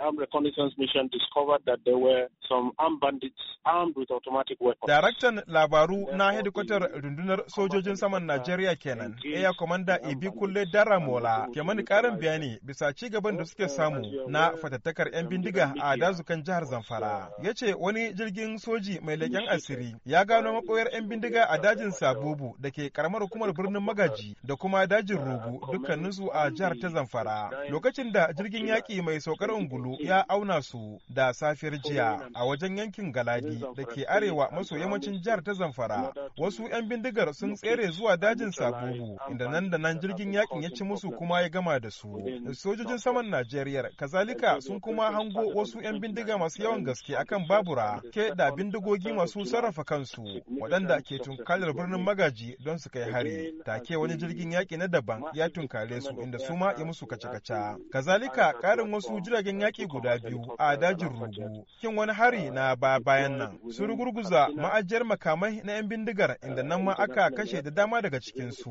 Armed Reconnaissance Mission discovered that there were with automatic weapons. Daraktan labaru na hedikwatar rundunar sojojin saman Najeriya kenan, Air Commander Ibi Kulle Daramola, ke mani karin bayani bisa ci gaban da suke samu na fatattakar 'yan bindiga a dazukan jihar Zamfara. Uh, ya ce wani jirgin soji mai leƙen asiri ya gano makoyar 'yan bindiga a dajin Sabubu da ke karamar hukumar birnin Magaji da kuma dajin uh, Rugu dukkaninsu a jihar ta Zamfara. Lokacin da jirgin yaƙi mai saukar ungulu Iro eh. ya auna su da safiyar jiya a wajen yankin Galadi da ke arewa maso yammacin jihar ta Zamfara. Wasu 'yan bindigar sun tsere zuwa dajin sabugu inda nan da nan jirgin yakin ya ci musu kuma ya gama da su. Eh, sojojin saman Najeriya kazalika sun kuma hango wasu 'yan bindiga masu yawan gaske akan babura ke da bindigogi masu sarrafa kansu waɗanda ke tunkalar birnin magaji don su kai hari. Take wani jirgin yaki na daban ya tunkare su inda su ma ya musu kace kaca Kazalika ƙarin wasu jiragen yaƙi yaƙi guda biyu a dajin Rugu cikin wani hari na ba bayan nan. Sun rugurguza ma'ajiyar makamai na 'yan bindigar inda nan ma aka kashe da dama daga cikin su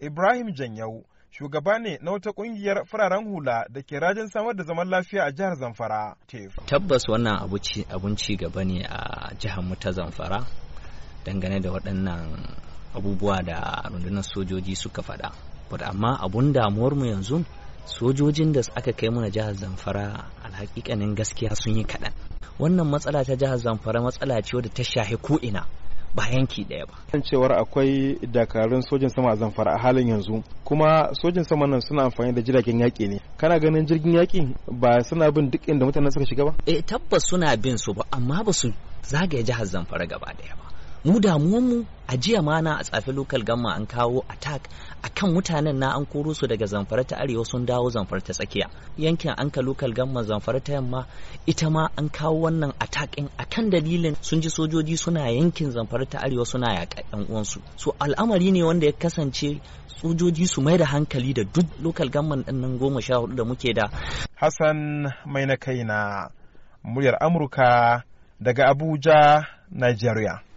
Ibrahim Janyau, shugaba ne na wata kungiyar fararen hula da ke rajin samar da zaman lafiya a jihar Zamfara. Tabbas wannan abun ci gaba ne a jihar mu ta Zamfara dangane da waɗannan abubuwa da rundunar sojoji suka faɗa. but amma abun damuwar mu yanzu sojojin da aka kai mana jihar zamfara alhakikanin gaskiya sun yi kaɗan wannan matsala ta jihar zamfara matsala ce wadda ta shahi ko'ina ba yanki ɗaya ba. Kan cewar akwai dakarun sojin sama a zamfara a halin yanzu kuma sojin sama nan suna amfani da jiragen yaƙi ne. Kana ganin jirgin yaƙi ba suna bin duk inda mutane suka shiga ba? Eh tabbas suna bin su ba amma ba su zagaya jihar zamfara gaba ɗaya ba. mu mu a jiya ma na a tsafi lokal gamma an kawo attack akan mutanen na an koro su daga zamfara ta arewa sun dawo zamfara ta tsakiya yankin anka lokal gamma zamfara ta yamma ita ma an kawo wannan attack din akan dalilin sun ji sojoji suna yankin zamfara ta arewa suna yaƙa yan uwansu so al'amari ne wanda ya kasance sojoji su mai da hankali da duk lokal gamman din nan goma sha hudu da muke da hassan mai na kaina muryar amurka daga abuja nigeria